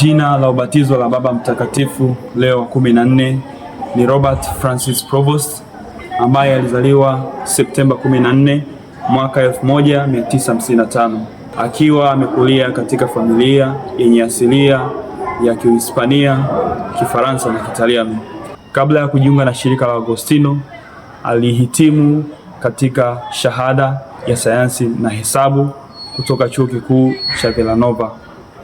Jina la ubatizo la Baba Mtakatifu Leo wa kumi na nne ni Robert Francis Provost ambaye alizaliwa Septemba 14 mwaka 1955 akiwa amekulia katika familia yenye asilia ya Kihispania, Kifaransa na Kitaliano. Kabla ya kujiunga na shirika la Agostino, alihitimu katika shahada ya sayansi na hesabu kutoka Chuo Kikuu cha Villanova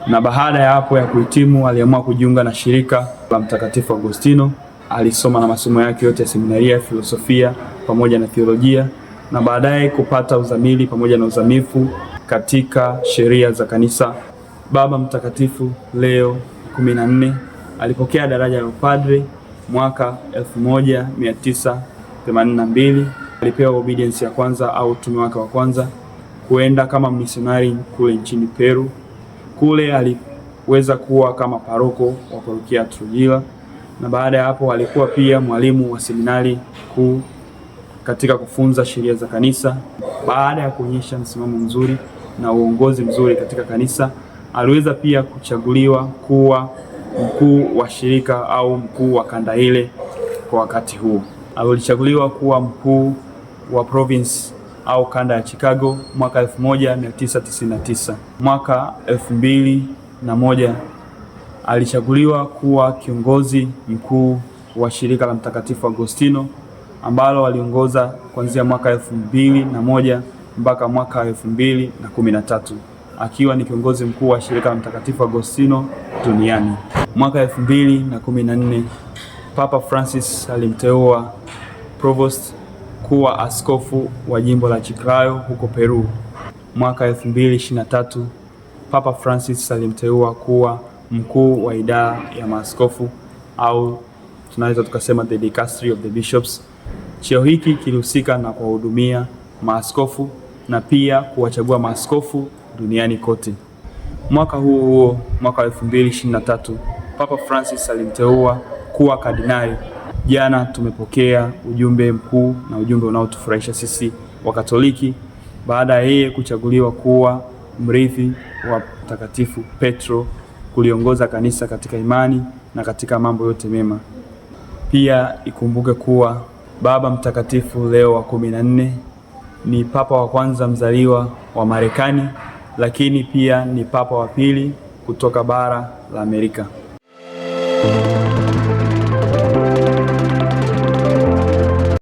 na baada ya hapo ya kuhitimu aliamua kujiunga na shirika la Mtakatifu Agostino. Alisoma na masomo yake yote ya seminaria, filosofia pamoja na theolojia, na baadaye kupata uzamili pamoja na uzamifu katika sheria za kanisa. Baba Mtakatifu Leo 14 alipokea daraja la upadre mwaka 1982. Alipewa obedience ya kwanza au utume wake wa kwanza kuenda kama misionari kule nchini Peru. Kule aliweza kuwa kama paroko wa parokia Trujila, na baada ya hapo alikuwa pia mwalimu wa seminari kuu katika kufunza sheria za kanisa. Baada ya kuonyesha msimamo mzuri na uongozi mzuri katika kanisa, aliweza pia kuchaguliwa kuwa mkuu wa shirika au mkuu wa kanda ile. Kwa wakati huo alichaguliwa kuwa mkuu wa province au kanda ya Chicago mwaka 1999. Mwaka 2001 alichaguliwa kuwa kiongozi mkuu wa shirika la Mtakatifu Agostino ambalo aliongoza kuanzia mwaka 2001 mpaka mwaka 2013 akiwa ni kiongozi mkuu wa shirika la Mtakatifu Agostino duniani. Mwaka 2014 Papa Francis alimteua Provost kuwa askofu wa jimbo la Chiclayo huko Peru. Mwaka 2023 Papa Francis alimteua kuwa mkuu wa idara ya maaskofu au tunaweza tukasema the dicastery of the bishops. Cheo hiki kilihusika na kuwahudumia maaskofu na pia kuwachagua maaskofu duniani kote. Mwaka huo huo, mwaka 2023 Papa Francis alimteua kuwa kardinali Jana tumepokea ujumbe mkuu na ujumbe unaotufurahisha sisi Wakatoliki baada ya yeye kuchaguliwa kuwa mrithi wa Mtakatifu Petro kuliongoza kanisa katika imani na katika mambo yote mema. Pia ikumbuke kuwa Baba Mtakatifu Leo wa kumi na nne ni papa wa kwanza mzaliwa wa Marekani, lakini pia ni papa wa pili kutoka bara la Amerika.